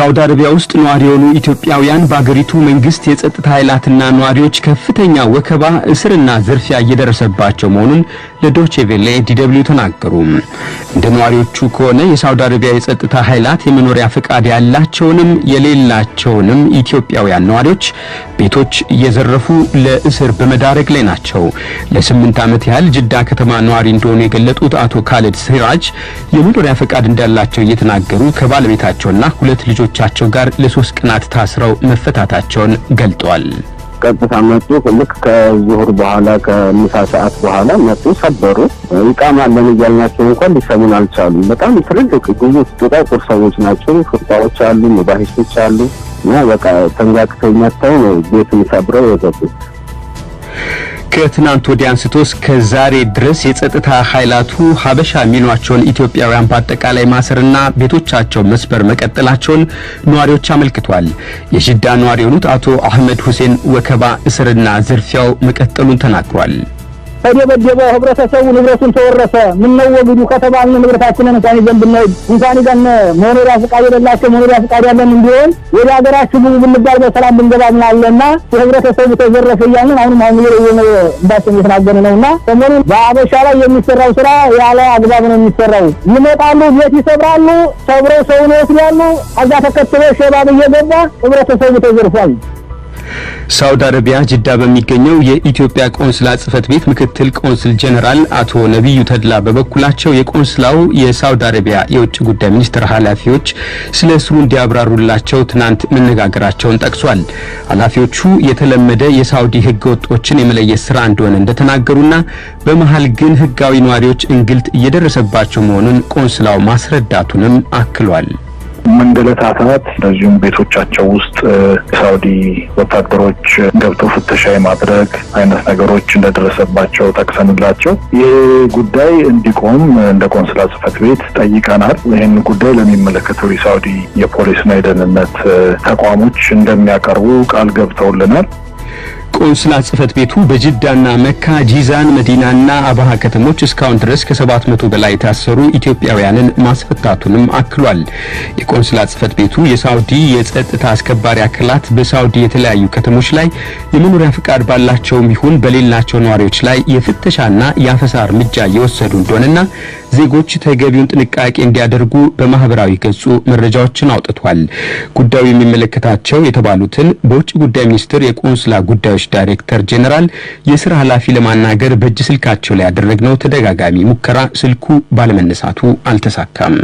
ሳውዲ አረቢያ ውስጥ ነዋሪ የሆኑ ኢትዮጵያውያን በአገሪቱ መንግስት የጸጥታ ኃይላትና ነዋሪዎች ከፍተኛ ወከባ፣ እስርና ዝርፊያ እየደረሰባቸው መሆኑን ለዶቼ ቬሌ ዲደብሊው ተናገሩ። እንደ ነዋሪዎቹ ከሆነ የሳውዲ አረቢያ የጸጥታ ኃይላት የመኖሪያ ፍቃድ ያላቸውንም የሌላቸውንም ኢትዮጵያውያን ነዋሪዎች ቤቶች እየዘረፉ ለእስር በመዳረግ ላይ ናቸው። ለስምንት ዓመት ያህል ጅዳ ከተማ ነዋሪ እንደሆኑ የገለጡት አቶ ካሌድ ሲራጅ የመኖሪያ ፍቃድ እንዳላቸው እየተናገሩ ከባለቤታቸውና ሁለት ልጆች ከቤተሰቦቻቸው ጋር ለሶስት ቀናት ታስረው መፈታታቸውን ገልጧል። ቀጥታ መጡ። ልክ ከዙሁር በኋላ ከምሳ ሰዓት በኋላ መጡ፣ ሰበሩ። ይቃማ ይቃማለን እያልናቸው እንኳን ሊሰሙን አልቻሉም። በጣም ትልልቅ ጉዙፍ ጥቃቁር ሰዎች ናቸው። ፉርጣዎች አሉ፣ ሙባሂሶች አሉ። እና በቃ ተንጋቅተው መጥተው ቤቱን ሰብረው የገቡት ከትናንት ወዲያ አንስቶ እስከ ዛሬ ድረስ የጸጥታ ኃይላቱ ሀበሻ የሚሏቸውን ኢትዮጵያውያን በአጠቃላይ ማሰርና ቤቶቻቸው መስበር መቀጠላቸውን ነዋሪዎች አመልክቷል። የጅዳ ነዋሪ የሆኑት አቶ አህመድ ሁሴን ወከባ እስርና ዝርፊያው መቀጠሉን ተናግሯል። ከደበደበ ህብረተሰቡ ንብረቱን ተወረሰ። ምን ነው ወግዱ ከተባልን ንብረታችንን እንኳን ይዘን ብንሄድ እንኳን ይዘን መኖሪያ ፍቃድ የሌላቸው መኖሪያ ፍቃድ ያለን እንዲሆን ወደ ሀገራችሁ ግቡ ብንባል በሰላም ብንገባ አለና የህብረተሰቡ ተዘረፈ እያልን አሁንም አሁን የሆነ እንዳችን እየተናገረ ነው እና ሰሞኑን በአበሻ ላይ የሚሰራው ስራ ያለ አግባብ ነው የሚሰራው። ይመጣሉ፣ ቤት ይሰብራሉ፣ ሰብረው ሰውን ይወስዳሉ። ከዛ ተከትሎ ሸባብ እየገባ ህብረተሰቡ ተዘርፏል። ሳውዲ አረቢያ ጅዳ በሚገኘው የኢትዮጵያ ቆንስላ ጽህፈት ቤት ምክትል ቆንስል ጀነራል አቶ ነቢዩ ተድላ በበኩላቸው የቆንስላው የሳውዲ አረቢያ የውጭ ጉዳይ ሚኒስቴር ኃላፊዎች ስለ እስሩ እንዲያብራሩላቸው ትናንት መነጋገራቸውን ጠቅሷል። ኃላፊዎቹ የተለመደ የሳውዲ ህገ ወጦችን የመለየት ስራ እንደሆነ እንደተናገሩና በመሀል ግን ህጋዊ ነዋሪዎች እንግልት እየደረሰባቸው መሆኑን ቆንስላው ማስረዳቱንም አክሏል። መንገለታታት፣ እንደዚሁም ቤቶቻቸው ውስጥ የሳውዲ ወታደሮች ገብተው ፍተሻ የማድረግ አይነት ነገሮች እንደደረሰባቸው ጠቅሰንላቸው ይህ ጉዳይ እንዲቆም እንደ ቆንስላ ጽሕፈት ቤት ጠይቀናል። ይህን ጉዳይ ለሚመለከተው የሳውዲ የፖሊስና የደህንነት ተቋሞች እንደሚያቀርቡ ቃል ገብተውልናል። ቆንስላ ጽህፈት ቤቱ በጅዳና መካ፣ ጂዛን፣ መዲናና አባሃ ከተሞች እስካሁን ድረስ ከ700 በላይ የታሰሩ ኢትዮጵያውያንን ማስፈታቱንም አክሏል። የቆንስላ ጽህፈት ቤቱ የሳውዲ የጸጥታ አስከባሪ አካላት በሳውዲ የተለያዩ ከተሞች ላይ የመኖሪያ ፍቃድ ባላቸውም ይሁን በሌላቸው ነዋሪዎች ላይ የፍተሻና የአፈሳ እርምጃ እየወሰዱ እንደሆነና ዜጎች ተገቢውን ጥንቃቄ እንዲያደርጉ በማህበራዊ ገጹ መረጃዎችን አውጥቷል። ጉዳዩ የሚመለከታቸው የተባሉትን በውጭ ጉዳይ ሚኒስቴር የቆንስላ ጉዳዮች ዳይሬክተር ጄኔራል የስራ ኃላፊ ለማናገር በእጅ ስልካቸው ላይ ያደረግነው ተደጋጋሚ ሙከራ ስልኩ ባለመነሳቱ አልተሳካም።